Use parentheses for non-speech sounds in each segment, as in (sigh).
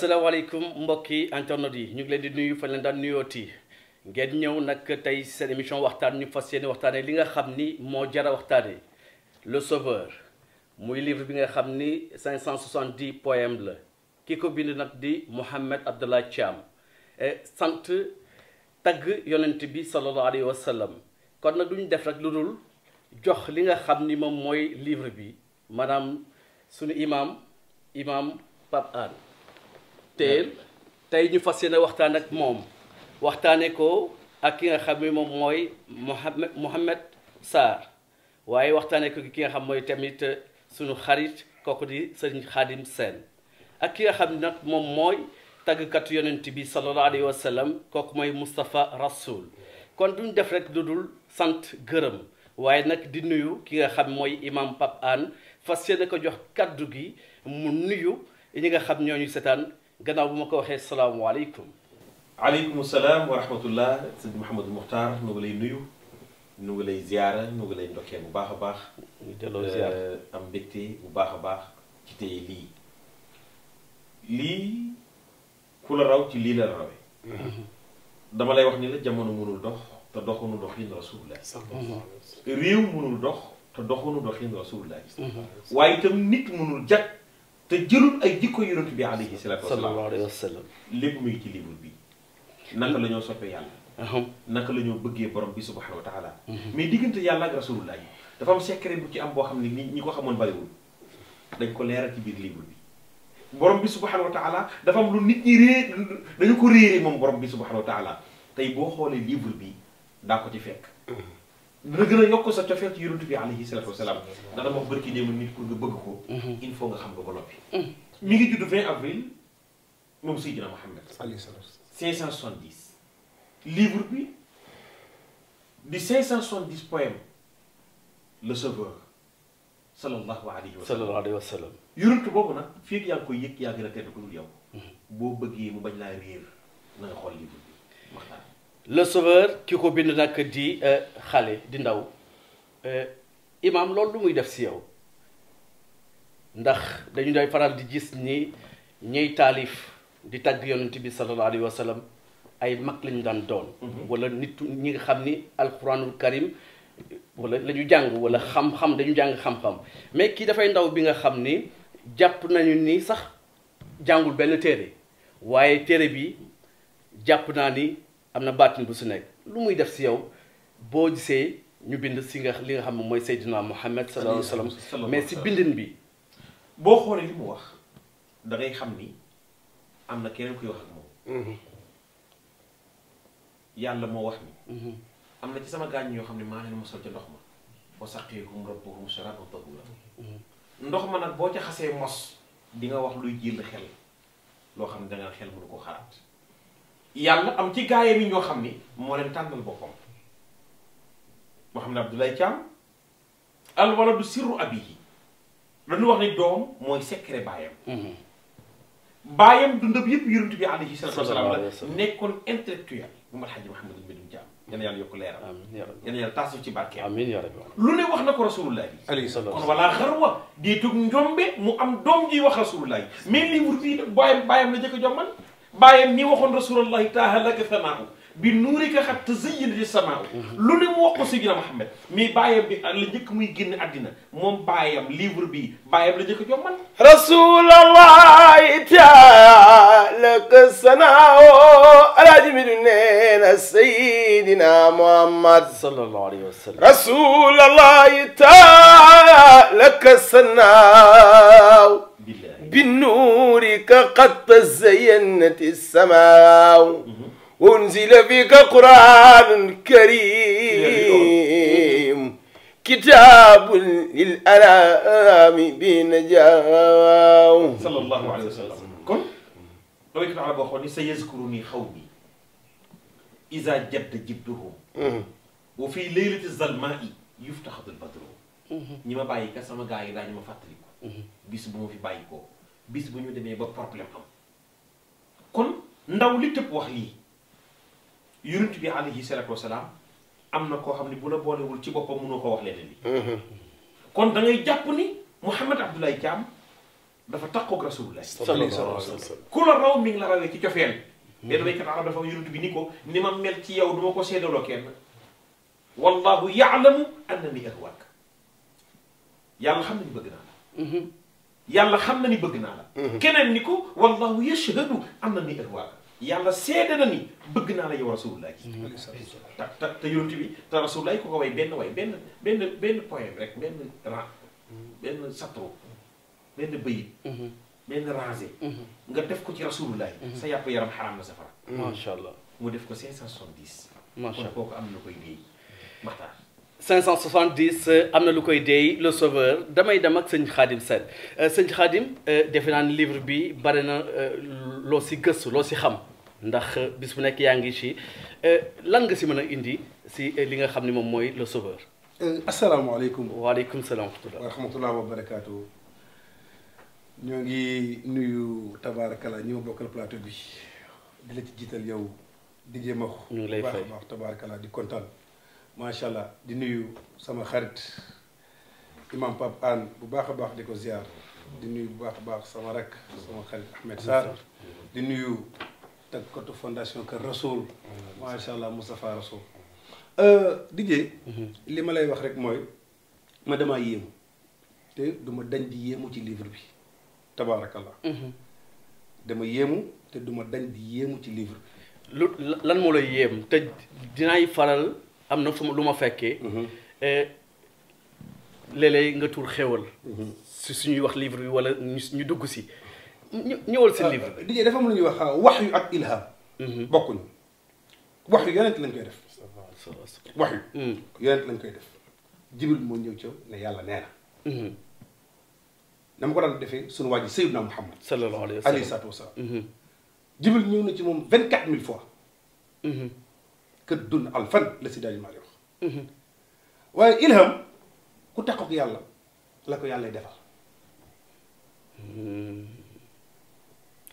salaamaaleykum mbokki internet yi ñu ngi leen di nuyu fan leen daan nuyooti ngeen ñëw nag tey seen émission waxtaan ñu fas yéene waxtaanee li nga xam ni moo jara waxtaanee le sauveur muy livre bi nga xam ni 570 poèmes la ki ko bind nag di Mohammed Abdallah Thiam e sant tagg yonent bi sallallahu alayhi wa sallam kon nag duñu def rek lu dul jox li nga xam ni moom mooy livre bi maanaam suñu imam imam Pape Hann tey ñu fas yéene waxtaan ak moom waxtaanee ko ak ki nga xam moom mooy Mouhamed Mouhamed Sarr waaye waxtaanee ko ki nga xam mooy tamit euh, suñu xarit kooku di sëriñ Xaadim Sène ak ki nga xam nag moom mooy tàggkatu yonent bi sallallahu alayhi wa sallam kooku mooy Moustapha Rasoul kon duñ def rek lu dul sant gërëm waaye nag di nuyu ki nga xam mooy imam Pape Hann fas yéene ko jox kaddu gi mu nuyu ñi nga xam ñooñu seetaan gannaaw bu ma ko waxee salaamualeykum. aleykum salaam wa rahmatullah sëñ Mouhamadou Mokhtar nu ngi lay nuyu nu ngi lay ziara bu baax a baax. ñu delloo ziara euh, am mbégte bu baax a baax ci tey lii. lii ku la raw ci lii la rawee. Mm-hmm. dama lay wax ni la jamono mënul dox te doxunu doxin rasulullah réew mënul dox te doxunu doxin rasulullah mm-hmm. waaye itam nit mënul jag te jëlul ay jikko yonent bi alayhi salaatu wa salaam lépp mu ngi ci livre bi naka la ñoo soppee yàlla naka la ñoo bëggee borom bi subhanahu wa taala mais diggante yàlla ak rasulullah yi dafa am secret bu ci am boo xam ne ni ñi ko xamoon bariwul dañ ko leeral ci biir livre bi borom bi subhanahu wa taala dafa am lu nit ñi réer dañu ko réere moom borom bi subhanahu wa taala tey boo xoolee livre bi daa ko ci fekk dana gën a yokk sa cofeel ci yonent bi alayhi salaatu wasalaam ndax dama wax a démb nit pour nga bëgg ko mhm. il faut nga xam ko ba noppi mhm. mi ngi judd 20 avril moom Seydina Mouhamed alayhi salaam 570 livre bi di 570 poème le sauveur sallallahu alayhi wa sallam sallallahu alayhi wa sallam yonent boobu nag fii ak yaa ngi koy yëg yaa gën a tedd ko dul yow mhm. boo bëggee mu bañ laa réer na xool livre bi waxtaan le sauveur ki ko bind nag di euh, xale di ndaw euh, imaam loolu lu muy def si yow ndax dañu day faral di gis ni ñuy taalif di tàgg yonent bi sallallahu alayhi ay mag lañu daan doon mhm. walla nit ñi nga xam ni alquranul karim walla lañu jàng walla xam-xam dañu jàng xam-xam mais kii dafay ndaw bi nga xam ni jàpp nañu ni sax jàngul benn téere waaye téere bi jàpp naa ni am na baatin bu su nekk lu muy def si yow boo gisee ñu bind si nga li nga xam ne mooy Seydina Muhammad sallallahu alayhi wa sallam mais si bindin bi. boo xoolee mu wax da xam ni am na keneen kuy mhm. yàlla moo wax ni. Mhm. am na ci sama gaañ yoo xam ne maa leen mosal ca ndox ma. wa saqihum rabbuhum sharaban tahura mhm. ndox ma nag boo ca xasee mos di nga wax luy jël xel loo xam ne da nga xel mënu ko xalaat. yàlla am ci gaayam yi ñoo xam ni moo leen tànnal boppam moo xam ne Abdoulaye Thiam alwaladu sirru abihi dañu wax ni doom mooy secret baayam mhm. baayam dundam yëpp yonent bi alayhi salaatu wasalaam la nekkoon intellectuel bu mal xaji Mahamadul Medun Thiam yéen yàlla yokk leeram yéen yàlla taasu ci barkeem amiin yaa rabbi lu ne wax na ko rasulullah bi alayhi salaam kon wala xarwa di mu am doom ji wax rasulullah mais livre bii baayam la jëkk a bàyyam mi waxoon rasulallahi taaha laka samaahu bi nuurika xat tazayyana li samaahu mhm. lu ne mu wax ko Seydina Muhammad mais bàyyam bi la njëkk muy génn àddina moom bàyyam bi bàyyam la njëkk a jommal rasulallahi taaha laka samaahu alaaji bi du nee na Seydina Muhammad sallallahu alayhi wa sallam rasulallahi بنورك قد تزينت السماء وانزل فيك قرآن كريم كتاب للأنام بنجاو صلى الله عليه وسلم كن لو يكن على بخوني سيذكرني قومي إذا جد جدهم وفي ليلة الظلماء يفتح البدر ñi ma bàyyi ka sama gaa yi daañu ma fàttaliku bis bu ma fi bàyyi ko bis bu ñu demee ba problème am kon ndaw li tëb wax lii yonent bi alayhi salaatu wasalaam am na koo xam ne bu la boolewul ci boppam mënoo ko wax leneen li mm-hmm. kon da jàpp ni Mouhamed Abdoulaye Thiam dafa takkoog rasulullah sallallahu alayhi wa sallam ku la raw mi ngi la rawee ci cofeel benn mm-hmm. baykat arab dafa yonent bi ni ko ni ma mel ci yow du ko seedaloo kenn wallahu yaalamu annani ahwaak yàlla xam ne bëgg naa la mm-hmm. yàlla xam na ni bëgg naa la. Mhm. keneen ni ko wallahu yashhadu am na ni ahwaaka yàlla seede na bëgg naa la yow rasulullah ji. te te te yonent bi te rasulullah ku ko way benn way benn benn benn poème rek benn ra benn satro benn bëyit. Mhm. benn rangé. Mhm. nga def ko ci rasulullah sa yàpp yaram xaram na safara. macha allah mu def ko 570. macha allah kon kooku 570 euh, am na lu koy deey le sauveur damay dem ak sëñ Xaadim Sène euh, sëñ Xaadim euh, defe naa ne livre bi bare na loo si gëstu loo si xam ndax bis bu nekk yaa ngi ci lan nga si mën a indi si li nga xam ne moom mooy le sauveur. asalaamaaleykum. waaleykum salaam wa rahmatulah wa barakaatu. ñoo ngi nuyu tabaarakala ñi ma bokkal plateau bi di la ci jiital yow di jëm a. ñu ngi lay fay baax a baax di kontaan. macha allah di nuyu sama xarit imam Pape Hann bu baax a baax di ko ziar di nuyu bu baax a baax sama rakk sama xarit Ahmed Sarr di nuyu tàggatu fondation Kër Rasoul macha allah Moustapha Rasoul. Euh, Dijé. Mhm. li ma lay wax rek mooy ma damaa yéemu te du dañ di yéemu ci livre bi tabaarakallah. Mhm. dama yéemu te du dañ di yéemu ci livre bi. lu lan moo lay yéem te dinaay faral. am na su ma lu ma fekkee. Mhm. Eh, léeg-léeg nga tuur xéwal. Mhm. si suñuy wax livre bi wala ñu dugg si. ñu ñëwal si ah, livre bi. Dijé dafa am lu ñuy wax ah, wax yu ak ilham. Mhm. bokkuñu wax yu yonent lañ koy def. wax yu. Mm. yonent lañ koy def. jibril moo ñëw ca ne yàlla nee na. dama ko daan defee sunu waa ji Seydina Muhammad. sallallahu alayhi wa sallam alayhi salaatu na ci moom vingt quatre mille fois. këddun alfan la si daal maa wax mhm. waaye ilham ku tax ak yàlla la ko yàlla hmm.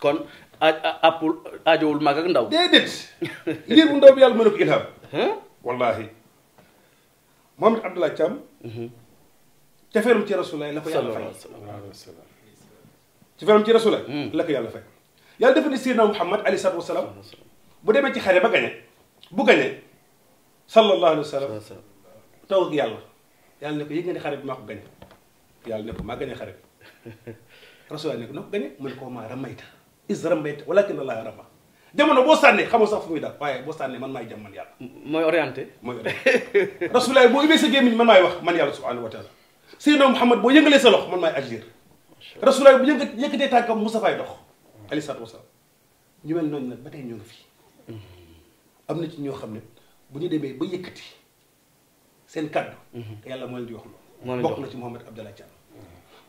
kon appul aajowul mag ak ndaw. déedéet liir bu ndaw bi yàlla mën na ko ilham. wallaahi Mohamed Abdallah Thiam. Mhm. cafeeram ci rasulaay la ko yàlla fay. cafeeram ci rasulaay hmm. la ko yàlla fay. yàlla dafa ne Seydina Muhammad alayhi salaatu wa salaam bu demee ci xare ba gañe bu gañee sallallahu alayhi wa sa toog ak yàlla yàlla ne ko yëg xare bi maa ko gañe yàlla ne ko maa xare bi (laughs) rasulullah ne ko noo ko gañe mu ne ko maa ramayta is ramayta walakin allah rama jamono boo sànnee xamul sax fu muy daal waaye boo sànnee man maay jam man yàlla mooy orienté mooy (laughs) boo ubbee sa gémmiñ man maay wax man yàlla subhanahu wa taala sayyidina Muhammad boo yëngalee sa loxo man maay agir rasulullah bu yëngat yëkkatee tànkam Mustafaa dox alayhi salaatu wasalaam ñu mel noonu nag ba tey ñoo ngi fii mm-hmm. am na ci ñoo xam ne bu ñu demee ba yëkkati seen kaddu. Mhm. yàlla moo leen di wax loolu. bokk na ci Mouhamed Abdallah Thiam.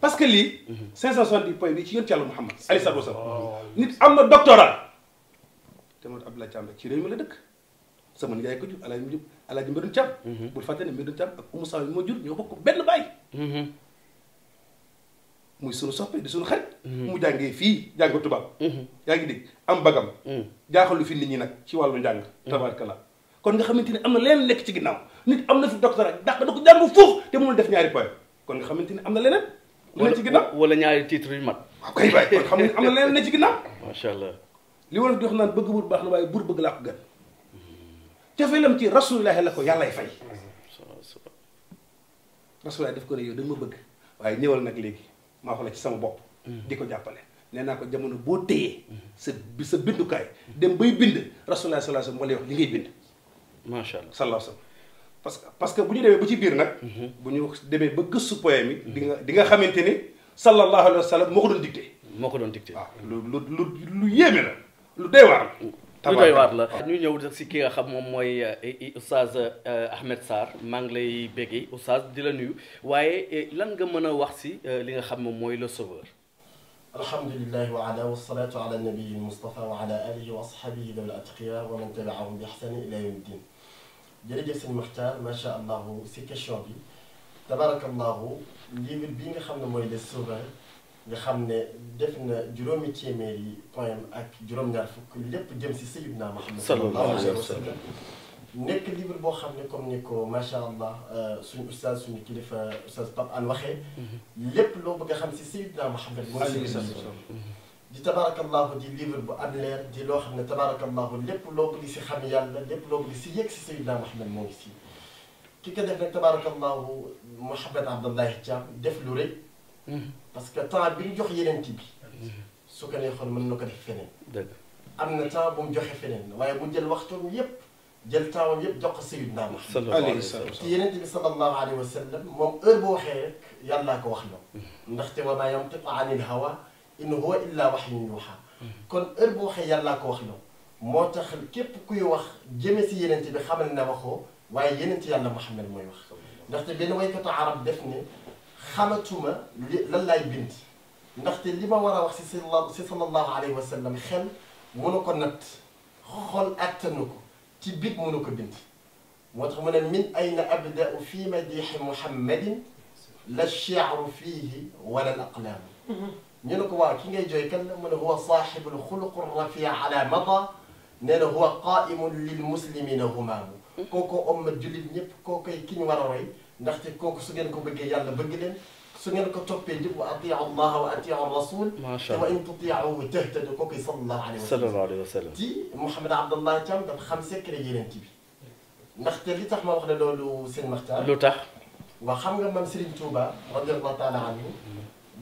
parce que lii. 570 mhm. point bi ci yonent yàlla Mouhamed alayhi salaatu wasalaam. Oh. nit am na doctorat. te Mouhamed Abdallah Thiam rek ci réew mi la dëkk. sama yaay ko jur Alaaji Alaaji Mbirun Thiam. Mhm. bul fàtte ne Mbirun Thiam ak Oumou Sall moo jur ñoo bokk benn baay. muy sunu soppe di sunu xarit. Mm-hmm. mu jàngee fii jàng tubaab. Mm-hmm. yaa ngi dégg am bagam. Mm-hmm. jaaxalu fi nit ñi nag ci wàllu njàng. tabaarkalla kon nga xamante ni am na leneen lekk ci ginnaaw nit am na fi doctorat dàq da ko jàng foofu te mënul def ñaari poème kon nga xamante ni am na leneen. lu ne ci ginnaaw wala ñaari tiit yu mat. waaw kay waay kon xam nga am na leneen ne ci ginnaaw. (laughs) macha allah. li wolof di wax naan bëgg buur baax na waaye buur bëgg laa ko gën. jafeelam ci rasulilah la ko yàllay fay. rasulilah daf ko ne yow da nga ma bëgg waaye ñëwal nag léegi maa ko la ci sama bopp. Mm-hmm. di ko jàppale nee naa ko jamono boo téyee. Mm-hmm. sa bi sa bindukaay. dem bay bind rasulullah sallallahu alayhi wasallam wala wax li ngay bind. macha allah sallallahu alayhi parce que parce que bu ñu demee ba ci biir nag. Mm-hmm. bu ñu demee ba gëstu poème yi. di nga di xamante ni sallallahu alayhi wasallam moo ko doon dicté. moo ko doon dicté waaw lu lu lu lu yéeme la lu doy waar. lu doy waar la ñu ñëw nag si ki nga xam moom mooy eh, oustaz eh, Ahmed Sarr maa ngi lay béggee oustaz di la nuyu waaye eh, lan nga mën a wax si li nga xam moom mooy le sauveur alhamdulilah wa ala wasalaatu ala nabiyi Mustafa wa ala alihi wa ashabihi dawil atqiya wa man tabiahum bi ihsani ila yawmi din jërëjëf sëñ Maxtaar macha allahu si question bi tabarakallahu livre bi nga xam ne mooy le sauveur nga xam ne def na juróomi téeméeri poème ak juróom-ñaar fukk lépp jëm si Sayyidina Muhammad sallallahu alayhi wa sallam nekk livre boo xam ne comme ni ko macha allah euh, suñu ustaaz suñu kilifa ustaaz Pape An waxee. Mhm. lépp loo bëgg a xam si Sayyidina Muhammad sallallahu alayhi wa sallam mhm. di tabaarakallahu di livre bu am leer di loo xam ne tabaarakallahu lépp loo bëgg si xam yàlla lépp loo bëgg si yegg si Sayyidina Muhammad moo ngi si. ki ko def nag tabaarakallahu Mouhamed Abdallahi Thiam def lu rëy. parce que temps bi ñu jox yeneen bi su ko neexoon mën na ko def feneen. dëgg am na temps bu mu joxe feneen waaye bu jël waxtoom yépp jël taawam yépp jox ko Sayyidina Muhammad alayhi salaam te yeneen bi sallallahu alayhi wa sallam moom heure boo waxee rek yàllaa ko wax la ndaxte wa maa yantiqu anil hawa in huwa illa wahyun yuuhaa kon heure boo waxee yàllaa ko wax la moo tax képp kuy wax jëme si yeneen bi xamal ne waxoo waaye yeneen yàlla Muhammad mooy wax ndaxte benn waykatu arab def ne xamatuma li lan laay bind ndaxte li ma war a wax si sal si sallallahu alayhi wa sallam xel mënu ko natt xool attanu ko ci bit mënu ko bind moo tax mu ne min ayna abda'u fi madixi muhammadin la chiaru fiihi wala al aqlaamu ñu ne ko waaw ki ngay jooy kan la mu ne huwa saaxibul xuluqu rafi ala mada nee na huwa qaimun lil muslimina humaamu hmm. kooko omma jullit ñëpp koo koy ki ñu war a roy ndaxte kooku su ngeen ko bëggee yàlla bëgg leen su ngeen ko toppee jub wa atiu allah wa atiu rasul wa in tutiuhu tahtadu kooku sallallahu alayhi wa sallam ci Mouhamed Abdallah Thiam dafa xam secret yeneen ci bi ndaxte li tax ma wax ne loolu seen maxtaan lu tax waaw xam nga man Serigne Touba radiallahu taala anhu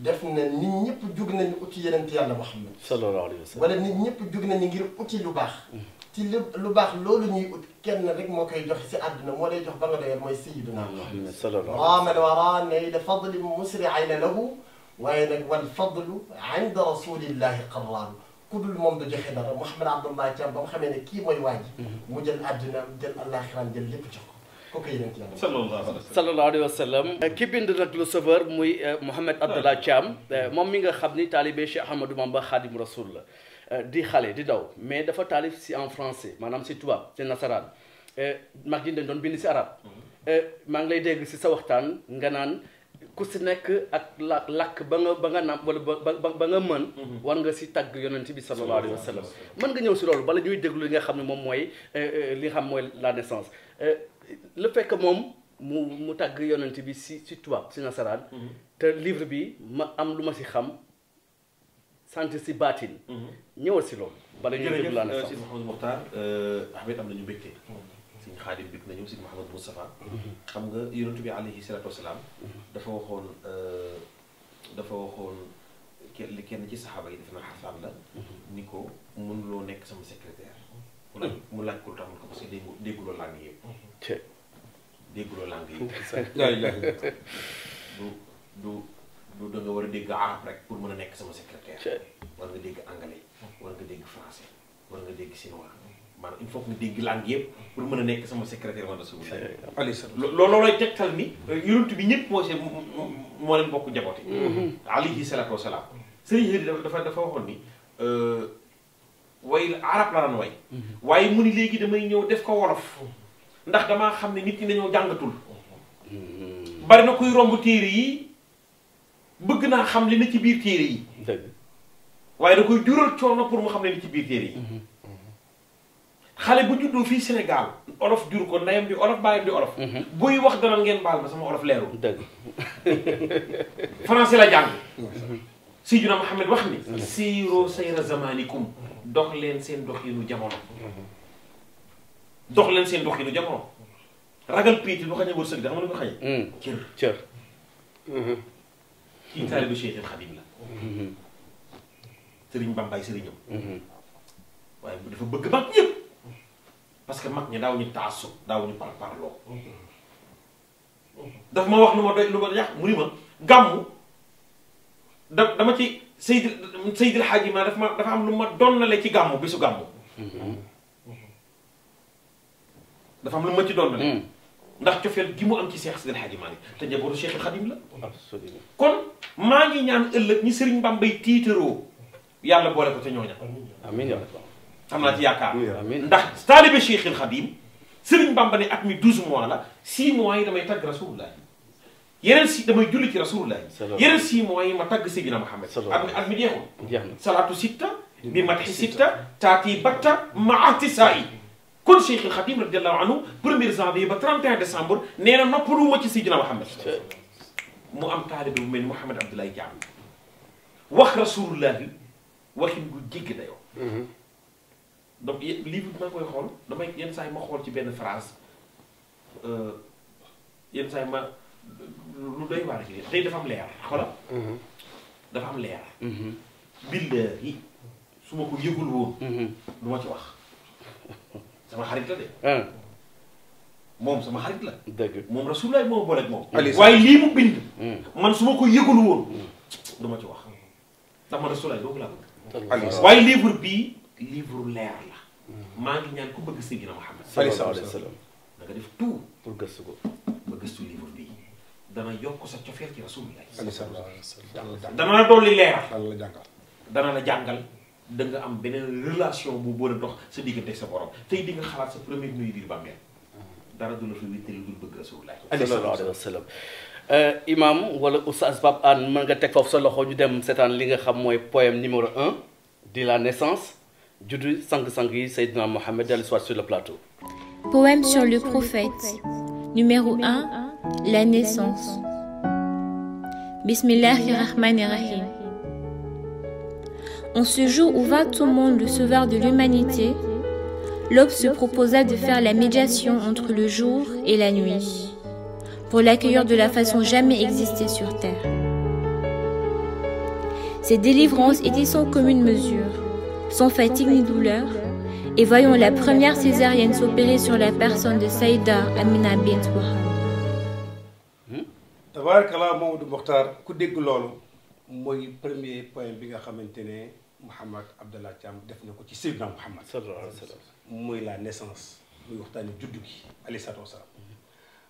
def na nit ñëpp jug nañu uti yeneen yàlla Mouhamed sallallahu alayhi wa sallam wala nit ñëpp jug nañu ngir uti lu baax mm. ci li lu baax loolu ñuy ut kenn rek moo koy joxe si àdduna moo lay jox ba nga doyal mooy sayyidina Muhammad sallallahu alayhi wa sallam ne fadli musri'ayna lahu waaye nag wal fadlu inda rasulillahi qarraan ku dul moom du joxe dara Mouhamed Abdallah Thiam ba mu xamee ne kii mooy waa ji mhm. mu jël àdduna jël àllaaxiraam jël lépp jox ko kooku yéen a sallallahu alayhi wa sallam ki bind nag le sauveur muy eh, Mouhamed Abdallah ah. Thiam eh, mhm. moom mi nga xam ni taalibe Cheikh Ahmadou Bamba Xaadim Rasul la Euh, di xale di daw mais dafa taalif si en français maanaam si tubaab si nasaraan euh, mag yi dañ doon bind si arab mhm. euh, maa ngi lay dégg si sa waxtaan nga naan ku si nekk ak la làkk ba nga ba nga naam wala ba ba nga mën mhm. war nga si tàgg yonent bi sallallahu alayhi wa sallam mën nga ñëw si loolu bala ñuy déglu li nga xam ne moom mooy li xam mooy la naissance le fait que moom mu mu tàgg yonent bi si si tubaab si nasaraan mhm. te livre bi ma am lu ma si xam sant si baatin. Mm-hmm. ñëwal si loolu. bala ñuy déglu laa ne sax jërëjëf si Mouhamadou Mokhtar euh, Ahmed am nañu mbégte. sëñ Xaadim bég nañu si Mouhamadou Moustapha. Mm-hmm. xam nga yonent bi alayhi salaatu wasalaam. Mm-hmm. dafa waxoon euh, dafa waxoon kenn kenn ci saxaaba yi def na xasaan la. ni ko mënuloo nekk sama secrétaire. mu laaj ko lu tax mun ko parce que déggu dégguloo langue yëpp. te dégguloo langue yëpp. (laughs) (laughs) du du. du da nga war a dégg arab rek pour mën a nekk sama secrétaire. war nga dégg anglais war nga dégg français war nga dégg chinois maanaam il faut que nga dégg langue yëpp pour mën a nekk sama secrétaire wala suuf. aleyhi salaam loo loolooy tegtal ni. Euh, yonent bi ñëpp moo see moo leen bokk jaboote. Mm-hmm. alayhi salaatu wa salaam. sëriñ bi dafa dafa waxoon ni euh, way arab la daan way. Mm-hmm. waaye mu ni léegi damay ñëw def ko wolof. ndax damaa xam ne nit mm-hmm. na kuy bëgg naa xam li na ci biir téere yi. waaye da koy jural coono pour mu xam ne ni ci biir téere yi. Mhm. xale bu juddoo fii Sénégal olof jur ko ndeyam bi olof baayam di olof. Mhm. buy wax dana ngeen baal ma sama olof leerul. dëgg (laughs) français la jàng. xam mhm. ne wax ni. siiroo sayra zamanikum dox leen seen doxinu jamono. dox leen seen doxinu jamono. ragal piiti lu xañee wërsëg da xam nga lu ko xañee. Mm. cër. kii taalibu Cheikh Xadim la mhm. sëriñ Bambaay sëriñam mhm. waaye dafa bëgg mag ñëpp parce que mag ñi daaw ñu taasu daaw ñu parparloo daf ma wax lu ma doy lu ma yàq mu ni ma gàmmu dama ci Seydi Seydil Xaaji ma dafa ma dafa am lu ma donnale ci gàmmu bi su gàmmu mhm. dafa am lu ma ci donnale ndax cofeel gi mu am ci Seex Sidil Hadji Malick te njabootu Seexul Xadim la kon maa ngi ñaan ëllëg ñi Sëriñ Bambay tiitaroo yàlla boole ko te ñooña amiin am naa ci yaakaar ndax taalibe Seexul Xadim Sëriñ Bamba ne at mi douze mois la six mois yi damay tagg rasulullah yeneen si damay julli ci rasulullah yeneen six mois yi ma tagg Seydina Muhammad at mi at mi jeexul salaatu sitta bi mataxi sitta taati batta maati saa yi kon Cheikhul Khadim radiallahu anhu premier janvier ba 31 décembre nee na noppalu ma ci Seydina Muhammad mu am taalibe bu mel ni Mouhamed Abdoulaye Diagne wax rasulullahi waxin gu jéggi dayoo. Mm-hmm. donc livre bi ma koy xool damay yenn saa yi ma xool ci benn phrase euh, yenn saa ma lu doy waar ci tey dafa am leer xoolal. Mm-hmm. dafa am leer. Mm-hmm. billahi su ma ko yëgul woon. du ma ci wax. sama xarit la ah. moom sama xarit la. moom Rasulullah moo booleeg moom. waaye lii mu bind. Hmm. man su ma ko yëgul woon. Hmm. du ma ci wax ndax man Rasulullah doo ko laa bëgg. waaye livre bii livre leer la. Hmm. maa ngi ñaan ku bëgg Seydina Muhammad. def tout. pour gëstu ko ba gëstu livre bii dana yokk sa cofeel ci Rasulullah. sallallahu alayhi wa sallam dana la dolli leer. dana la jàngal. da nga am beneen relation bu boole dox sa diggante sa borom tey di nga xalaat sa premier nuyu biir bàmmeel dara du la fa wéttali lu bëgg rasulullah sallallahu alayhi wa sallam euh, wala oustaz Pape Hann mën nga teg foofu sa loxo ñu dem seetaan li nga xam mooy poème numéro un de la naissance juddu sang-sang yi Seydina Mohamed dal soit sur le plateau poème sur le prophète numéro un la naissance bismillahi rahmani rahim En ce jour où vint au monde le Sauveur de l'humanité, Lope se proposa de faire la médiation entre le jour et la nuit, pour l'accueillir de la façon jamais existée sur terre. Ses délivrances étaient sans commune mesure, sans fatigue ni douleur, et voyons la première césarienne s'opérer sur la personne de Saïda Amina bint xamante ne Mouhamad Abdallah Thiam def na ko ci Seydina Mouhamad sallallahu alayhi wa sallam mooy la naissance muy waxtaani juddu gi alayhi salaatu wa salaam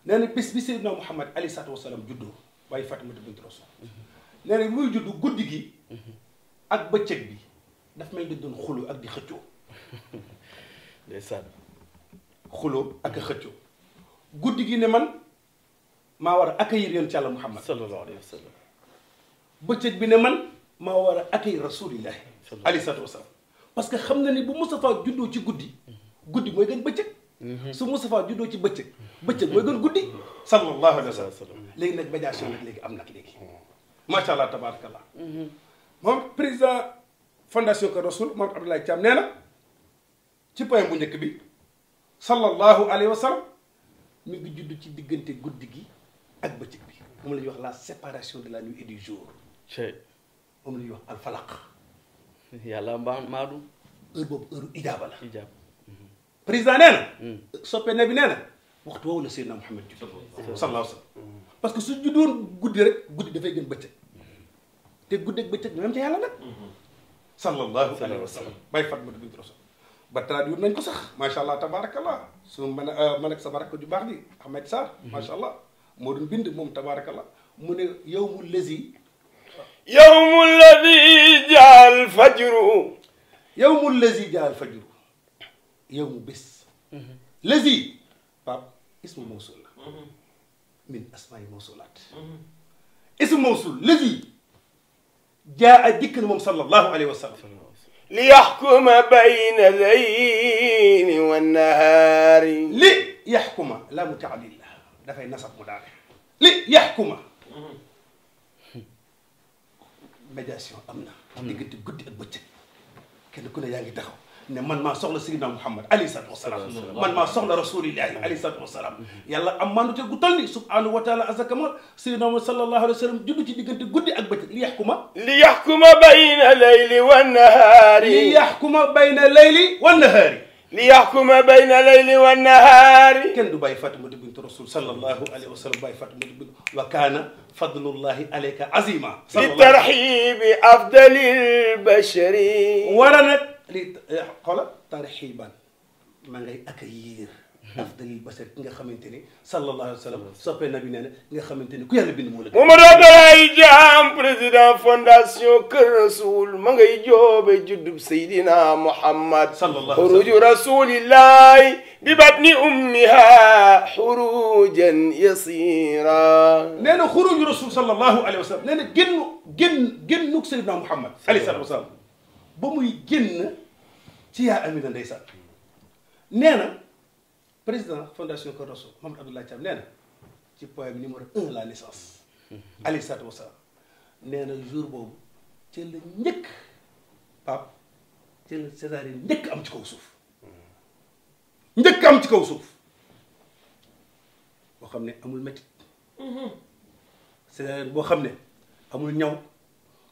nee na bis bi Seydina Mouhamad alayhi salaatu wa salaam juddoo bàyyi Fatimata bint Rasul nee na muy juddu guddi gi ak bëccëg bi daf may di doon xuloo ak di xëccoo ndeysaan ak a xëccoo gi ne man maa war a accueillir yoon ci Yàlla Mouhamad sallallahu alayhi wa bëccëg bi ne man maa war a accueillir rasulillahi alayhi salaatu wasalaam parce que xam na ni bu Moustapha juddoo ci guddi guddi mooy gën bëccëg mhm. su Moustapha juddoo ci bëccëg bëccëg mooy gën guddi mhm. sallallahu alayhi wa sallam léegi nag médiation nag léegi am nag léegi mhm. macha allah tabarakallah moom président fondation Keur Rassoul moom Abdoulaye Thiam nee na ci point bu njëkk bi sallallahu alayhi wa sallam mi ngi judd ci diggante guddi gi ak bëccëg bi moom la ñuy wax la séparation de la nuit et du jour moom la ñuy wax alfalaq yàlla mbaa maadu. heure boobu heure ijaaba la. ijaaba président nee na. Hmm. soppe nabi nee na waxtu woowu la Seydina Mouhamed judd. Hmm. sallallahu alayhi hmm. parce que su juddoon guddi rek guddi dafay gën bëccëg. te guddi ak bëccëg ñoom ca yàlla nag. sallallahu alayhi wasallam bay Fatmata bint Rasul ba nañ ko sax macha allah tabarakallah su euh, man man ak sa baraka ju baax bi Ahmed Sarr. macha allah moo doon bind moom tabarakallah mu ne yow mu lezi. يوم الذي جاء الفجر يوم الذي جاء الفجر يوم بس الذي باب اسم موصول من أسماء الموصولات اسم موصول الذي جاء ذكر مم صلى الله عليه وسلم ليحكم بين الليل والنهار ليحكم لا متعلل دافاي نصب مدار ليحكم médiation am na. diggante guddi ak bëccëg kenn ku ne yaa ngi taxaw. ne man maa soxla Seydina Muhammad alayhi salaatu wa salaam man maa soxla rasulillahi alayhi salaatu wa salaam mm-hmm. yàlla am maanute gu toll nii subhaanahu wa taala azakamal Seydina Muhammad sallallahu alayhi wa sallam judd ci diggante guddi ak bëccëg li yaxkuma li yaxkuma bayna layli wa nahaari li yaxkuma bayna layli wa nahaari li yaxkuma bayna layli wa nahaari kenn du bàyyi Fatima di bintu rasul sallallahu alayhi wa sallam bàyyi Fatima di bintu wa kaana فضل الله عليك عظيما للترحيب أفضل البشر ورنت xoolal tarxiiban ma ngay accueillir afdalil basar ki nga xamante ni sallallahu alayhi wa ki nga xamante ni ku yàlla fondation Kër Rasoul ma ngay joobe juddub Seydina Muhammad sallallahu xuruju rasulillahi bi batni ummiha xurujan yasira nee na xuruju rasul sallallahu alayhi wa sallam nee na ba muy génn ci yaa président fondation Kër Rassoul Mamadou Abdoulaye Thiam ci point bi numéro un la naissance. alayhi salaatu wasalaam nee na jour boobu ci la njëkk Pape ci la césarienne njëkk am ci kaw suuf njëkk am ci kaw suuf boo xam ne amul métit mhm. césarienne boo xam ne amul ñaw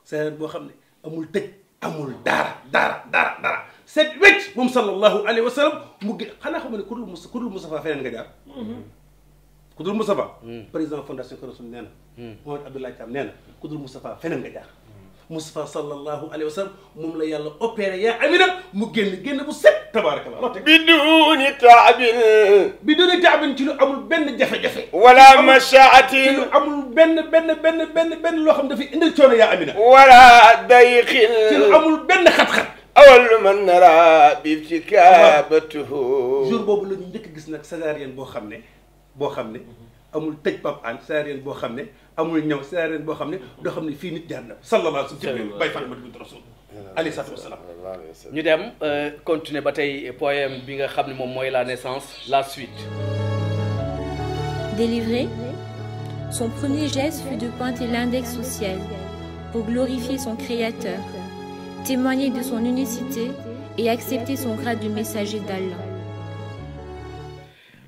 césarienne boo xam ne amul tëj amul dara dara dara dara. set wecc moom sallallahu alayhi wa sallam mu gën xanaa xam ne ku dul Moussa ku dul Moustapha feneen nga jaar. Mhm. ku dul Moustapha. Mhm. président fondation Kër Rassoul nee na. Mhm. Mohamed Abdoulaye Thiam nee na ku dul Moustapha feneen nga jaar. Moustapha sallallahu alayhi wa sallam moom la yàlla opéré yaa amina mu génn génn bu set tabaarakallah. biduuni taabin. biduuni taabin ci lu amul benn jafe-jafe. wala mashaatin ci lu amul benn benn benn benn benn loo xam dafay indil coono yaa amina. wala dayxin. ci lu amul benn xat-xat. awal man nara bi ci kaabatu jour boobu la ñu njëkk gis nag césarienne boo xam ne boo xam ne amul tëj pap an césarienne boo xam ne amul ñëw césarienne boo xam ne doo xam ne fii nit jaar na sallallahu alayhi wa sallam bint rasul alayhi salaatu wasalaam ñu dem euh, continuer ba tey poème bi nga xam ne moom mooy la naissance la suite délivré son premier geste fut de pointer l'index au pour glorifier témoigner de son unicité et accepter son grade de messager d'Allah.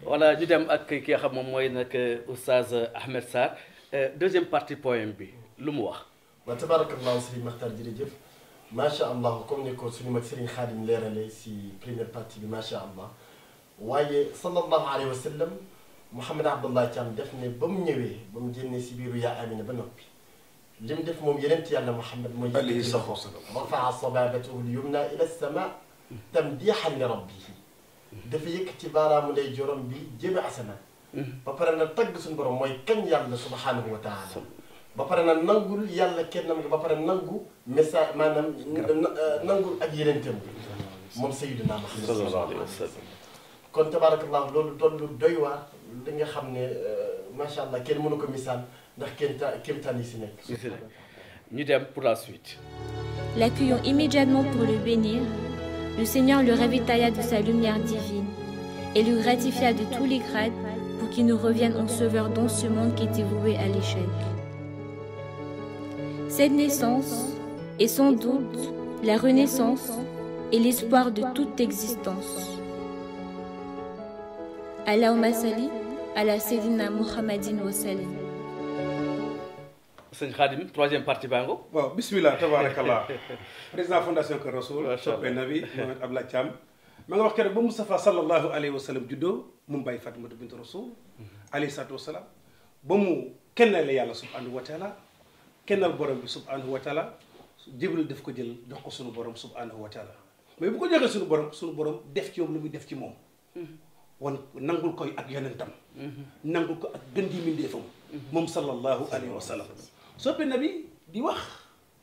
voilà ñu dem ak ki nga xam moom mooy nag euh, oustaz Ahmed Sarr euh, deuxième partie poème bi lu mu wax. waaw tabarakallahu sëriñ Maxtar jërëjëf macha allah comme ni ko suñu mag sëriñ Xaadim leeralee si première partie bi macha allah waaye sallallahu alayhi wa sallam Mouhamed Abdallah Thiam def ne ba mu ñëwee ba mu génnee si biiru yaa Amina ba noppi. li mu def moom yeneen ci yàlla Muhammad mooy. alayhi salaatu wa salaam rafaa sabaabatahu l-yumnaa ila s-samaa tamdiixan li rabbihi dafa yëkk ci baaraamu ndey jorom bi jëme asamaan. ba pare na tagg suñu borom mooy kañ yàlla subhaanahu wa taala ba pare na nangul yàlla kennam nga ba pare nangu message maanaam nangul ak yeneen itam moom Seydina Muhammad sallallahu alayhi wa sallam kon tabaarakallahu loolu doon lu doy waar li nga xam ne macha allah kenn mënu ko misaal. ndax kéemtaan kéemtaan yi si nekk. ñu dem pour immédiatement pour le bénir. Le Seigneur le ravitailla de sa lumière divine et le gratifia de tous les grades pour qu'il nous revienne en sauveur dans ce monde qui était voué à l'échec. Cette naissance est sans doute la renaissance et l'espoir de toute existence. sëñ Khadim troisième partie baa ngo waaw bismillah tabarakallah président fondation Kër Rasoul soppe nabi Mohamed Abdoulaye Thiam ma nga wax keroog ba Moustapha sallallahu alayhi wa sallam juddoo mu bàyyi Fatimatu bint Rasoul alayhi salaatu wasalaam ba mu kennal yàlla subhanahu wa taala kennal borom bi subhanahu wa taala Jibril daf ko jël jox ko suñu borom subhanahu wa taala mais bu ko joxee suñu borom suñu borom def ci moom def ci moom wan nangul koy ak yonentam mhm. nangul ko ak gën di mindeefam moom sallallahu alayhi wa sallam soppe nabi di wax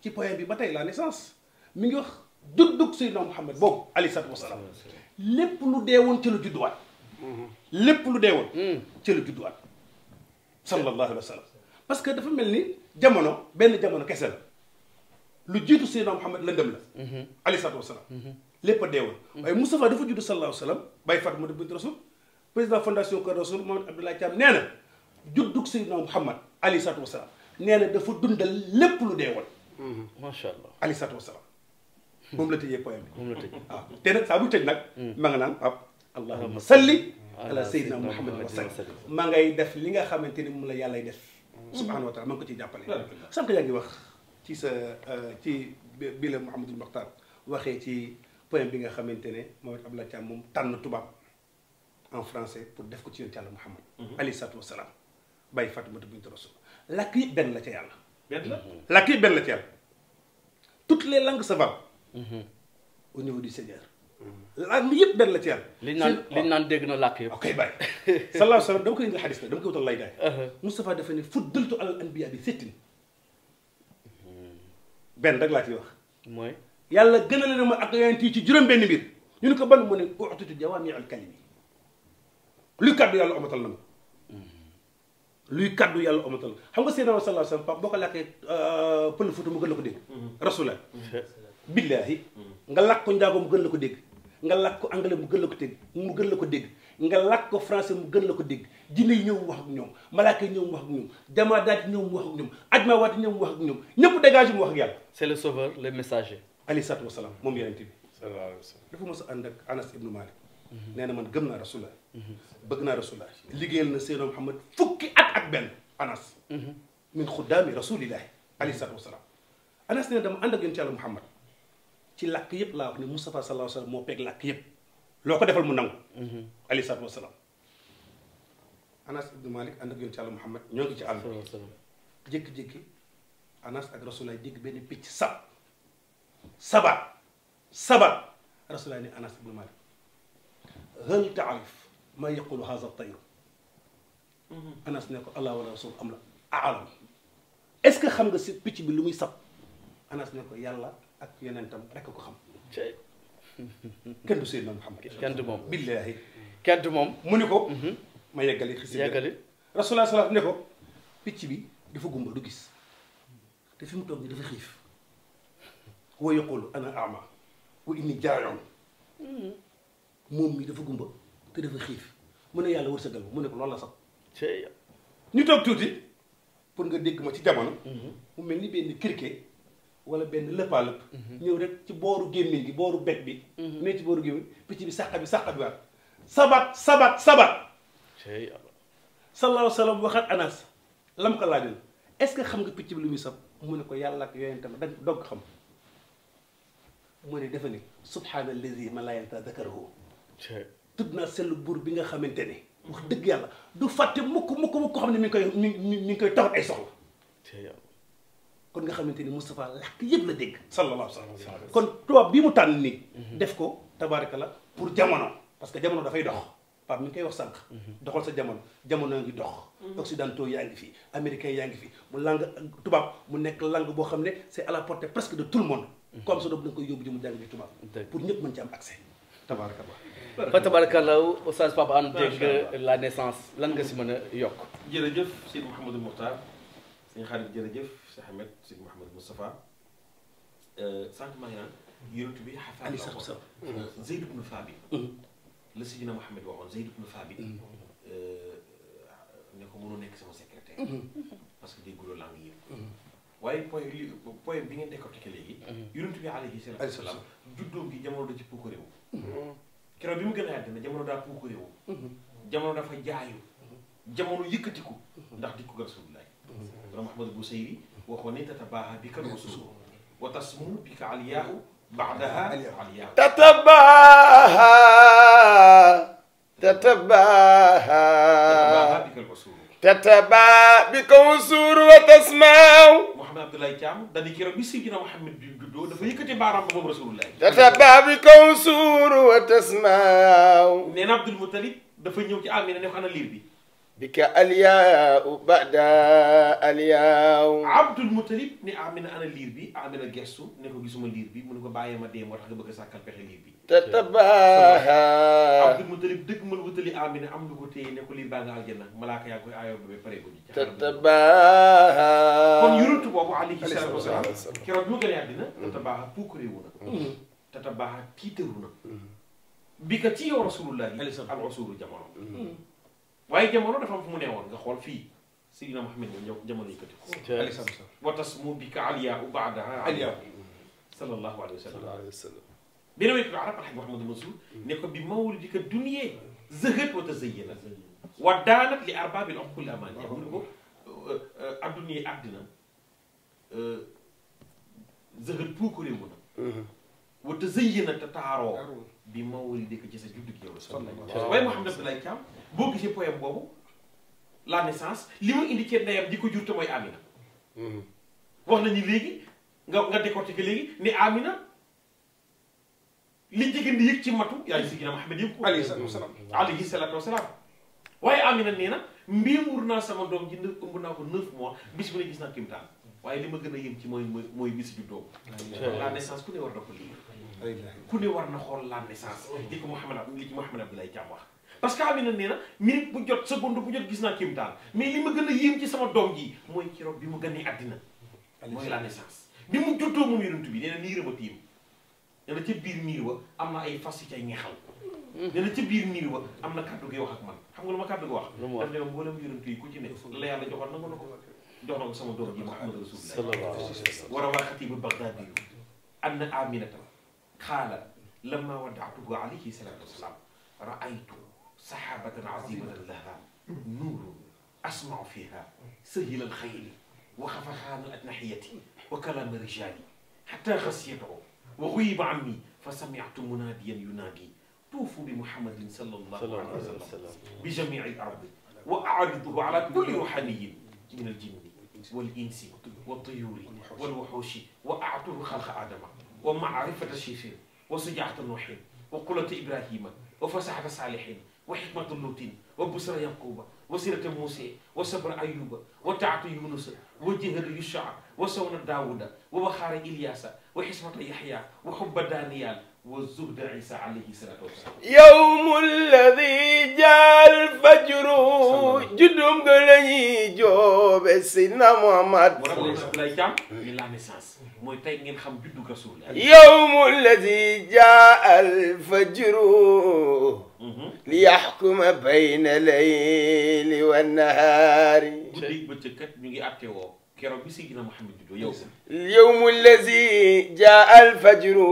ci poème bi ba tey la naissance mi ngi wax juddug Seydina Muhammad boobu alayhi salaatu wasalaam lépp lu deewoon ci la judduwaat mm-hmm. lépp lu deewoon mm. ci la judduwaat sallallahu alayhi wa sallam parce que dafa mel ni jamono benn jamono kese la lu jiitu Seydina Muhammad lëndëm la mm-hmm. alayhi salaatu wasalaam mm-hmm. lépp a deewoon waaye Moustapha dafa judd sallallahu alayhi wa sallam bàyyi Fatimata bint Rasul président fondation Kër Rasul Mohamed Abdoulaye Thiam nee na juddug Seydina Muhammad alayhi salaatu nee na dafa dundal lépp lu dee woon. Mhm. macha allah moom la tëjee poème bi. moom la tëjee ah, nag saa bu tëj nag. Mm. ma nga a ab allahumma salli. ala sayyidina muhammad ma ngay def li nga xamante ni moom la yàllay def. Mm. subhanahu wa ma ko ciy jàppale. sànq yaa ngi wax ci sa euh, ci bi la Mouhamadul Mokhtar waxee ci poème bi nga xamante ne moom it Abdoulaye Thiam moom tànn tubaab en francais pour def ko ci yonent yàlla Muhammad. Mm-hmm. alayhi salaatu wa salaam. bàyyi Fatimata bintu Rasul làkk yëpp benn la ca yàlla. benn la mm-hmm. làkk yëpp benn la ca yàlla. toutes les langues se valent. Mm-hmm. au niveau du Seigneur. Mm-hmm. làkk yëpp benn la ca yàlla. liñ naan liñ naan dégg na làkk yëpp. ok bàyyi sallallahu alayhi wa sallam dama koy indi xadis la dama koy wutal lay daay. Uh-huh. Moustapha dafa ne fuddaltu alal anbiya bi sittin. benn rek laa ciy wax. mooy. yàlla gënale na ma ak yonent yi ci juróom-benn mbir ñu ne ko ban mu ne uutitu jawaami al kalimi luy kàddu yàlla omatal na ma. luy kaddu yàlla amatul xam nga Seydina sallallahu alayhi wasallam pap boo ko làkkee euh, pël Fuuta mu gën la ko dégg mm-hmm. rasulullah mm-hmm. billaahi mm-hmm. nga làkk ko njaago mu gën la ko dégg nga làkk ko anglais mu gën la ko dégg mu gën la ko dégg nga làkk ko français mu gën la ko dégg jinne yi ñëw mu wax ak ñoom malaaka yi ñëw mu wax ak ñoom jamaadaat yi ñëw mu wax ak aj ajmawaat yi ñëw mu wax ak ñoom ñëpp dégage mu wax ak yàlla c'est le sauveur le messager alayhi salaatu wasalaam moom yonent bi sallallahu dafa mos a ànd ak Anas ibnu Mhm. nee na man gëm naa rasulullah mhm. bëgg naa rasulullah liggéeyal na Seydina Muhammad fukki at ak benn anas mhm. min xuddaami rasulillahi anas nee dama ànd ak yonent yàlla Muhammad ci làkk yëpp laa wax ne Moustapha sallallahu alayhi wa moo peeg làkk yëpp loo ko defal mu nangu alayhi salaatu wasalaam anas ibnu malik ànd ak yonent yàlla Muhammad ñoo ngi ci àll jékki-jékki anas ak rasulullah dégg benn picc sab sabat sabat ni anas ibnu malik hal taarif maa yaqulu haza tayr anas ne ko allah wala rasul am la aalam est ce que xam nga si picc bi lu muy sab anas ne ko yàlla ak yonentam rek ko xam kenn du Seydina Muhammad kenn du moom billaahi kenn du moom mu ni ko mhm. ma yeggali xis yeggali rasulullah salaam ne ko picc bi dafa gumba du gis te fi mu toog ni dafa xiif wa yaqulu ana ama wa inni jaayoon mhm. moom mi dafa gumba te dafa xiif mu ne yàlla wërsëgal mu ne ko loolu la sax. ñu toog tuuti pour nga dégg ma ci jamono. Mhm. mu mel ni benn criquet wala benn lëppaa lëppaalëpp. Mhm. ñëw rek ci booru gémmiñ gi booru bet bi. Mhm. ne ci booru gémmiñ picc bi sàqa bi sàqa bi waat sabat sabat sabat. sallallahu alayhi wa sallam waxaat Anas lam ko laajoon est-ce que xam nga picc bi lu muy sab mu ne ko yàlla ak yonentam dañ dogg xam mu ne dafa ne subhaanallazi man laa tudd naa sell buur bi nga xamante ne wax dëgg yàlla du fàtte mukk mukk mukk ko xam ne mi ngi koy mi ngi koy tawat ay soxla kon nga xamante ni Moustapha làkk yëpp la dégg sallallahu alayhi wa sallam kon tubaab bii mu tànn nii def ko tabaraka la pour jamono parce que jamono dafay dox Pape mi koy wax sànq doxal sa jamono jamono ngi dox mm-hmm. occidentaux yaa ngi fi américains yaa ngi fi mu langue tubaab mu nekk langue boo xam ne c'est à la portée presque de tout le monde mm-hmm. comme ça doob da nga yóbbu ji mu jàng bi tubaab pour ñëpp mën ci am accès tabaraka fa tabarakallahu oustaz Pape Hann dégg la naissance lan nga si mën a yokk jërëjëf Sidi Mouhamadou Moukhtar sëñ xaarit jërëjëf Cheikh Ahmed Sidi Mouhamadou Moustapha euh, sànq maa ngi naan yonent bi xafaali sa sa Zeyd ibn Thabit mm-hmm. la Sidina Mouhamed waxoon Zeyd ibn Thabit mm-hmm. euh, ne ko mënoo nekk sama secrétaire mm-hmm. parce que dégguloo langue yi waaye point li bi ngeen décortiqué léegi yonent bi alayhi gi jamono da keroog bi mu gën a àddina jamono daa puukareewu mhm. jamono dafa jaayu mhm. jamono yëkkatiku mhm. ndax dikku ga rasulullah borom Ahmad Busayri Mouhamed Abdoulaye Thiam dañu keroog bi Seydina dafa yëkkati baaraam ba moom rasulullah tataba bi kaw suuru wa tasmaaw nee na Abdul Mutalib dafa ñëw ci Amina ne ko ana liir bi bi ka aliyaaw bada aliyaaw Abdul Mutalib ne Amina ana liir bi Amina gestu ne ko gisuma liir bi mu ko bàyyee ma dee moo tax nga bëgg bi te tabaaha Abdul Mutalib dëkk mën wutali Amina am lu ko téye ne ko lii baa nga aljanna malaaka yaa koy aayoo ba pare ko ji te tabaaha kon yonent boobu alayhi salaatu wasalaam keroog bi mu gën a àddina te mm-hmm. tabaaha puukarewu na mm-hmm. te tabaaha tiitaru na mm-hmm. bi ka ci yow rasulullahi al usulu jamono waaye jamono dafa am fu mu ne woon nga xool fii Seydina Muhammad ñëw jamono yëkkati ko wa tas mu bi ka aliyaa u beneen wéy ko arab alxaj Mouhamadou Mansour ne ko bi mawlidika dunyee zëhët wa tazayyana wa daanat li arbaabil am kulli amaan mu ne ko addunye addina zëhët puukare wu na wa tazayyana te taaroo bi mawlidika ci sa juddu gi yow la waaye Mouhamed Abdoulaye Thiam boo gisee poème boobu la naissance li mu indi cee ndeyam di ko jur te Amina mhm. wax nañu léegi nga nga décortiquer léegi ne Amina ciy ko alayhi salaatu wasalaam a yëm ci mooy mooy bis ju la naissance ku ne war na ko lii ku ne parce que Amina nee na bu jot seconde bu jot gis naa kimtaan mais li ma gën a yëm ci sama doom ji mooy ci bi mu gënee addina mooy la naissance bi mu jottoo moom yonent bi nii rëba tiim ne la ca biir miir wa am na ay fas yu cay ñeexal ne la ca biir miir wa am na kàddu gi wax ak man xam nga lu ma kàddu gi wax daf ne ma mboolem yonent yi ku ci ne la yàlla joxoon nangu na ko jox na ko sama doom ji Muhammad Rasulullah war a waa xatibu Bagdaad bi ann aminata xaala lamma wadaatuhu alayhi salatu wasalaam raaytu sahabatan azimatan laha nuuru asmau fiha sahil alxayli wa xafaxaanu ajnahiyati wa kalaama rijaali xataa xasiyatahu wa xuyiba anni fa sami'tu munaadiyan yunaadi tuufu bi muhammadin sallallahu alayhi wa sallam bi jamii'i al-ardi wa a'riduhu ala kulli ruhaniyin min al-jinni wal-insi wat-tuyuuri wal-wuxuushi wa a'tuhu xalqa aadama wa ma'rifata shifiir wa sujaata nuuhin wa qullata ibrahima wa fasaxata saalihin wa xikmata luutin wa busra yaquba wa sirata muuse wa sabra ayuba wa taata yunusa wa jahada yushaa wa sawna daawuda wa waxaara ilyaasa wa ismata yaxya wa xubba daaniyal wa zuhda isa alayhi salatu wasalam yowmu alladi jaal fajru juddum nga la ñuy joobe si na Muhammad Abdoulaye Thiam mi la message mooy tey ngeen xam juddu rasul yowmu alladi jaal fajru mhm. li yaxkuma bayna layli wa nahaari guddi bëccëg kat ñu ngi àtte woo keroog bi Seydina Muhammad juddoo yow. yawmu lazi jaa alfajru.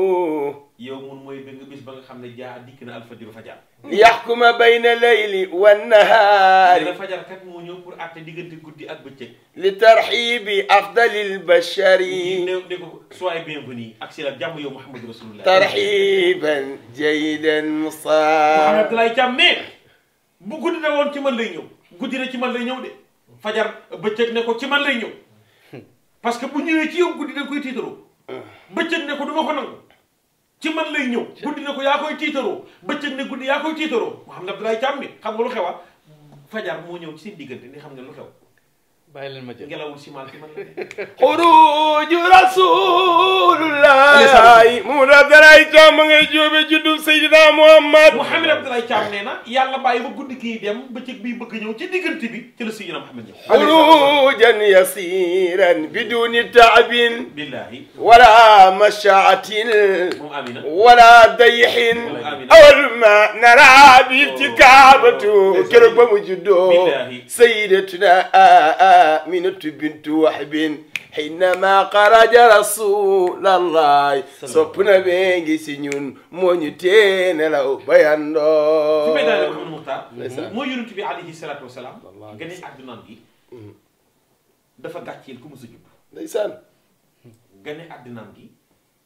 yow mun mooy benn bis ba nga xam ne jaa dikk na alfajru fajar. yaxkuma bayna layli wan nahaari. dina fajar kat moo ñëw pour àtte diggante guddi ak bëccëg. li tarxiibi afdalil bashari. ne ne ko soyez bienvenu ak si la jàmm yow Muhammad rasulullah. tarxiiban jayidan musaa. Mouhamed lay càmmee bu guddi na woon ci man lay ñëw guddi na ci man lay ñëw de fajar bëccëg ne ko ci man lay ñëw. parce que bu ñëwee ci yow guddi da koy tiitaroo ah. bëccëg ne ko du ma ko nangu ci man lay ñëw guddi na ko yaa koy tiitaroo bëccëg ne guddi yaa koy tiitaroo Mouhamed Abdoulaye Thiam bi xam nga lu xewa ah. fajar moo ñëw ci seen diggante ni xam nga lu xew bàyyi leen ma jël ngelawul simal bi man la. xuruju rasulullahi mu Abdoulaye Thiam ma ngay jóobe juddu Seydina Muhammad. Mouhamed Abdoulaye Thiam nee na yàlla bàyyi ba guddi kii dem bëccëg bi bëgg ñëw ci diggante bi ci la Seydina Muhammad ñëw. xurujan yasiran biduni taabin. billahi. wala mashaatin. moom Amina. wala dayixin. awal ma nara bi oh. ci kaabatu keroog ba mu juddoo. billahi Seydatuna آمنة بنت وحب حينما خرج رسول الله سبنا بيجي سنون مونيتين لو بياندو في بداية لكم المختار مو يونت بي عليه الصلاة والسلام غني عدنا بي دفا غاتيل كوم سجوب نيسان غني عدنا بي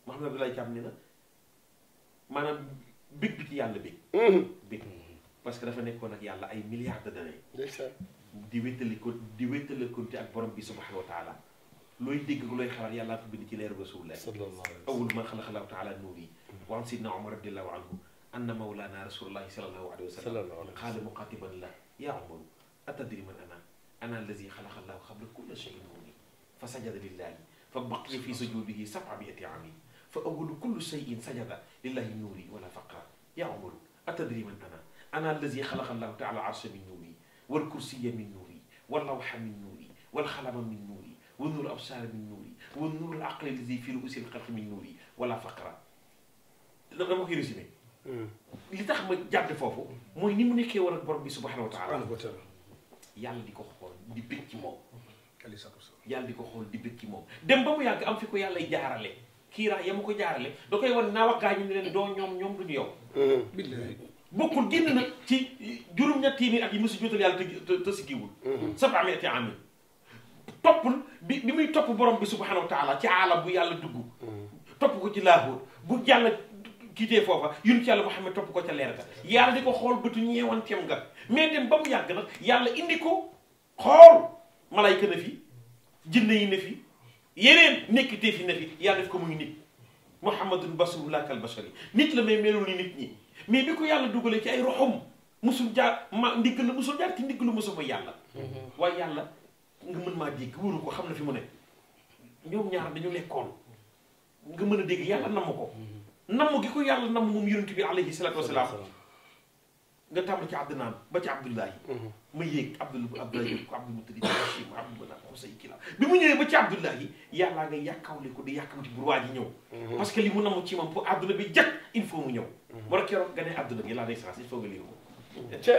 محمد عبد الله كام نينا maanaam bég bi ci yàlla bég bég parce que dafa nekkoon ak yàlla ay milliards d'années di wéttali ko di wéttali ko ak borom bi subhanahu wa taala looy dégg looy xalaat yàllaa ko bind ci leer rasulullah awul man xalaqa allahu taala nuur yi wa an sidna omar radiallahu anhu anna mawlana rasulullahi salallahu alayhi wa sallam qaala muqatiban la yaa omar atadri man ana ana allazi xalaqa allahu qabla kulli shay'in nuuri fa sajada lillahi fa baqiya fi sujudihi sab'a mi'ati ami fa awwalu kulli shay'in sajada lillahi nuuri wala faqra yaa omar atadri man ana ana allazi xalaqa allahu taala arsha min nuuri wal kursiya min nuuri wal lawxa min nuuri wal xalama min nuuri wa nuur absaar min nuuri wa nuur al aqli lazi fi ruusil xalqi min nuuri wala faqra dama koy résumé hmm. li tax ma jàdd foofu mooy ni mu nekkee war ak borom bi subhanahu wa taala yàlla di ko xool di bëgg ci moom yàlla di ko xool di bëgg ci dem ba mu yàgg am fi ko yàlla jaarale kiiraa ya ma ko jaarale da koy wan naa wax gaa ñu ne leen doo ñoom ñoom duñu yow hmm. bokkul génn na ci juróom-ñett téeméer at yi mosu jotal yàlla te te siggiwul mm-hmm. sab'a mi'ati aam toppul bi bi muy topp borom bi subhanahu wa taala ci aala bu yàlla dugg mm-hmm. topp ko ci laahoor bu yàlla kiitee foofa yun ci yàlla Muhammad topp ko ca leer ga yàlla di ko xool bëtu ñeewanteem ga mais dem ba mu yàgg na yàlla indi ko xool malayka na fi jinne yi na fi yeneen nekk téefi na fi yàlla def ko muy nit Muhammadun basarun laa kal bashari nit la may melul ni nit ñi mais bi ko yàlla dugalee ci ay roxum musul jaar ma ndigg la musul jaar ci ndigg lu musul mooy yàlla mm-hmm. waaye yàlla nga mën maa dégg wóoru ko xam na fi mu ne ñoom ñaar dañu lekkoon nga mën a dégg yàlla namm ko mm-hmm. namm gi ko yàlla namm moom yonent bi alayhi salaatu wasalaam nga tàmbali ci Adnaan ba ci Abdullahi. Mhm. ma yéeg Abdul Abdullahi ko Abdul Mutalib Hashim Abdul Manaf Xusay Kilab bi mu ñëwee ba ci Abdullahi yàllaa nga yàkkawle ko di yàkkamti bu waa ji ñëw. Mhm. parce que li mu namm ci moom pour àdduna bi jag il faut mu ñëw. Mhm. war a keroog gane àdduna bi laa naissance il faut nga lire ko. ca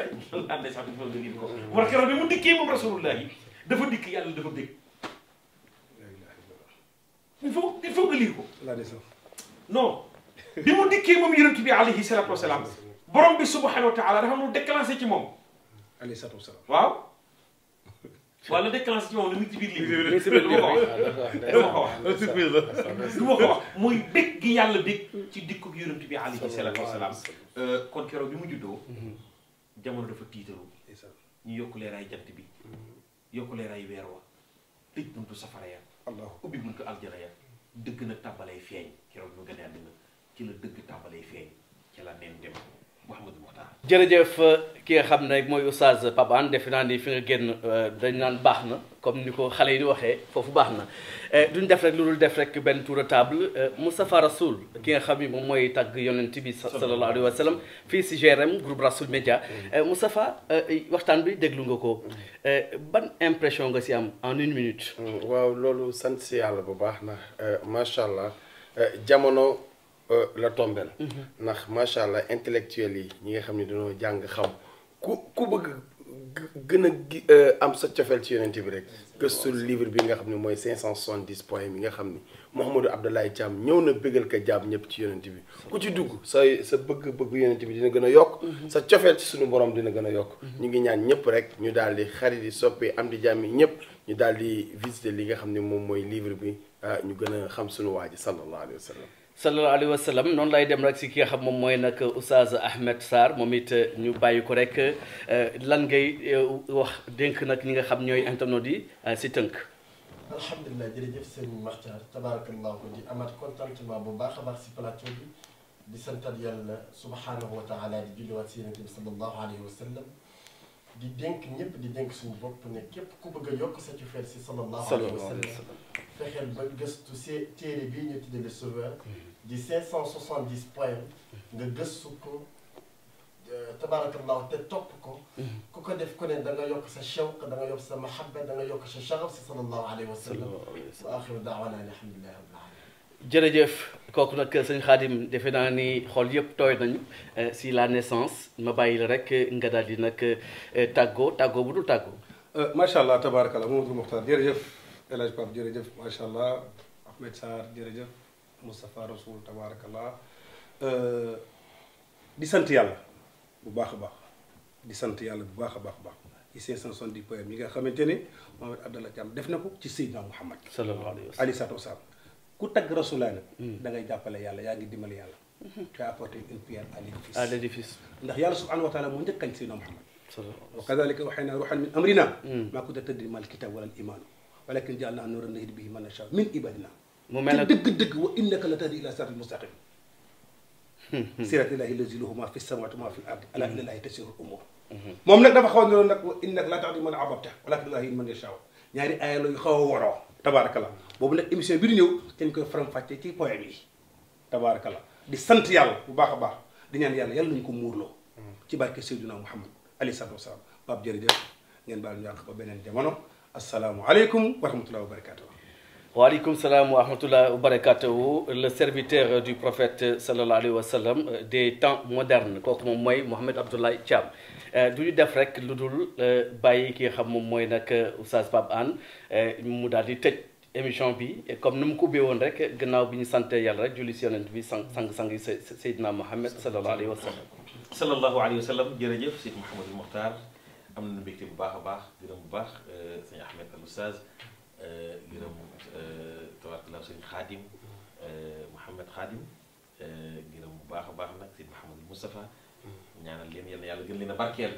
laa naissance il faut nga lire ko. war a keroog bi mu dikkee moom rasulullahi dafa dikk yàlla dafa dégg. il faut il faut nga lire ko. laa naissance non bi mu dikkee moom yonent bi alayhi salaatu wasalaam borom bi subhanahu wa taala dafa am lu déclenché ci moom. alayhi salaatu wa salaam waaw. (laughs) waaw lu déclenché ci moom lu mu ci biir lii. du ma ko wax du ma ko wax. du ma ko wax mooy bég gi yàlla bég ci dikku yonent bi alayhi salaatu wa salaam. kon keroog bi mu juddoo. Mm-hmm. jamono dafa tiitaroo. ñu yokk leeraay jant bi. Mm-hmm. yokk leeraay weer wa. tëj buntu safara ya. ubbi buntu aljana ya. dëgg nag tàmbalee feeñ keroog ñu gën a àddina ci la dëgg tàmbalee feeñ ci la neen dem. Mouhamadou Mokhtar jërëjëf euh, ki nga xam ne mooy oustaz Pape Hann defe naa ni fi nga génn euh, naan baax na comme ni ko xale yi di waxee foofu baax na euh, duñ def rek lu dul benn tour de table Moustapha Rasoul ki nga xam ni moom mooy tàgg yonent bi sallallahu alayhi wa sallam fii si GRM groupe Rasoul Média mm. Moustapha waxtaan bi déglu nga ko mm. ban impression nga si am en une minute mm, waaw loolu sant si yàlla bu baax na macha allah jamono la tombel ndax macha allah intellectuel yi ñi nga xam ne dañoo jàng xam ku ku bëgg gën a euh, am sa cofeel ci yonent bi rek gëstul livre bi nga xam ne mooy 570 poèmes yi nga xam ni Mouhamadou Abdoulaye Thiam ñëw na bëggal ka jaam ñëpp ci yonent bi ku ci dugg sa sa bëgg-bëgg yonent bi dina gën a yokk mhm. sa cofeel suñu borom dina gën a yokk mhm. ñu ngi ñaan ñëpp rek ñu daal di xarit yi soppee am di jàmm ñëpp ñu daal di visiter li nga xam ne moom mooy livre bi ah, ñu gën a xam suñu waa ji sallallahu alayhi wa sallam sallallahu alayhi noonu lay dem rek si ki nga xam moom mooy nag Oustaz Ahmed saar moom it euh, ñu bàyyi ko rek euh, lan ngay euh, wax dénk nag ñi nga xam ñooy internautes yi si tënk. alhamdulilah jërëjëf sëñ Makhtar tabarakallahu di amaat contentement bu baax a baax si plateau bi di santat yàlla subhanahu wa taala di julliwaat si yonent bi sallallahu alayhi wa sallam di dénk ñëpp di dénk suñu bopp ne képp ku bëgg a yokk sa cofeel si sallallahu alayhi wa sallam fexeel ba gëstu see téere bii ñu tuddee le sauveur mm-hmm. di 570 poèmes mm-hmm. nga gëstu ko euh, tabaarakallahu te topp ko mm-hmm. ku ko def ku ne da nga yokk sa shawq da nga yokk sa mahabba da nga yokk sa sharaf si sallallahu alayhi wa sallam wa axiru daawana alhamdulillahi rabbil alamin jërëjëf kooku nag sëñ Xaadim defe naa ni xool yëpp tooy nañu euh, si la naissance ma bàyyil la rek euh, nga daal di nag euh, tàggoo tàggoo bu dul tàggoo. macha allah tabaarakallah Mamadou Mokhtar jërëjëf El jërëjëf macha allah Ahmed jërëjëf Moustapha Rasoul tabaarakallah di sant yàlla bu baax a baax di sant yàlla bu baax a baax a baax ci 570 poèmes yi nga xamante ne Mohamed Abdallah Thiam def na ko ci Seydina Mouhamed. sallallahu alayhi wa sallam ku tagg rasulaay nag mm. da ngay jàppale yàlla yaa ngi dimbali yàlla mm-hmm. tu as apporté une pierre à l'édifice ndax yàlla subhanahu wa taala moo njëkkañ Seydina Muhammad wa kadalika waxey naa ruuxan min amrina mm. maa kunta tadri mal kitab wala al iman walakin jaal naa nuuran nahdi bihi man nashaa min ibadina mu mel ne dëgg-dëgg wa innaka la tahdi ila siratil mustaqim hmm. siratillahi lazi lahu ma fi samawati ma fi l ardi ala ilallahi tasiru l umur hmm. moom nag dafa xaw ne loolu nag wa innaka la tahdi man ahbabta walakin llahi man yashaa ñaari aaya la yu xaw a waroo tabaarakallah boobu nag émission bi di ñëw dañ koy faram-fàccee ci poème yi tabaarakallah di sant yàlla bu baax a baax di ñaan yàlla yàlla nañu ko muurloo mm. ci barke Seydina Muhammad alayhi salaatu wasalaam Pape jërëjëf ngeen baal ñu àq beneen jamono asalaamualeykum wa rahmatulah wa barakaatu. waaleykum salaam wa rahmatullah wa barakatuhu le serviteur du prophète sallallahu alayhi wa sallam euh, des temps modernes kooku moom mooy Mouhamed Abdoulaye Thiam euh, du ñu def rek lu dul euh, bàyyi ki xam moom mooy nag Oustaz Pape Hann mu daal di tëj. émission bi comme nu mu ko ubbee woon rek gannaaw bi ñu sante yàlla rek julli si yonent bi sang sang yi Seydina Mohamed sallallahu alayhi wa sallam. sallallahu alayhi wa sallam jërëjëf Seydi Mouhamadou Mokhtar am nañu mbégte bu baax a baax gërëm bu baax euh, sëñ Ahmed al Oustaz euh, gërëm euh, tabarakallah sëñ Xaadim Mouhamed Xaadim gërëm bu baax a baax nag Seydi Mouhamadou Moustapha ñaanal leen yal na yàlla gën leen a barkeel.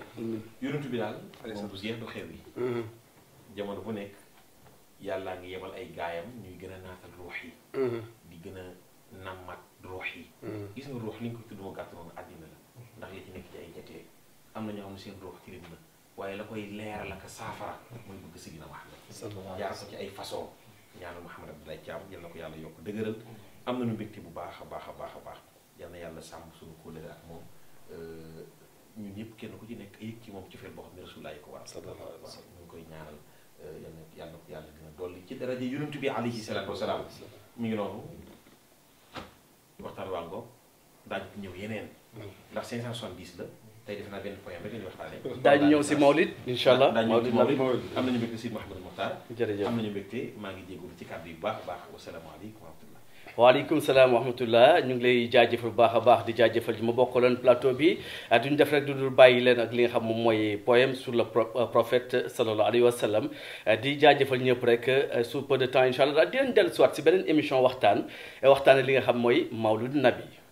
yonent bi daal moom bu jeex du xew yi mm-hmm. jamono bu nekk. yàlla ngi yebal ay gaayam ñuy gën a naatal ruux yi mm-hmm. di gën a nammat ruux yi mm-hmm. gis nga ruux li àddina ndax am na ñoo xam waaye la koy leer la ka saafara mooy bëgg si ci ay façon ñaanal Muhammad Abdoulaye Thiam yal na ko yàlla yokk dëgëral am nañu mbégte bu baax a baax a baax a baax yal na yàlla sàmm suñu kóllëre ak moom euh, ñëpp kenn ku ci nekk yëg ci moom cofeel boo xam ne Rasulullah ko war ñu ngi koy ñaanal Euh, yàlla yàlla yàlla gën a ci daraja yonent bi alayhi salaatu wasalaam mi ngi noonu waxtaan wàngo daañu ñëw yeneen ndax 570 la tey defe naa benn point rek la ñuy waxtaanee. daañu ñëw si Mawlid incha allah Mawlid Mawlid am nañu mbégte si Mouhamadou Mokhtar. jërëjëf am nañu mbégte maa ngi jégalu ci kàddu yu baax baax wasalaamaaleykum wa rahmatullah waaleykum salaam wa rahmatullah ñu ngi lay jaajëfal bu baax a baax di jaajëfal ji ma bokkaloon plateau bi ah, duñ def rek du dul bàyyi leen ak li nga xam moom mooy poème sur le euh, prophète sallallahu alayhi wa sallam ah, di jaajëfal ñëpp rek euh, sous peu de temps incha allah di leen dellu si waat si beneen émission waxtaan waxtaane li nga xam mooy mawlud nabi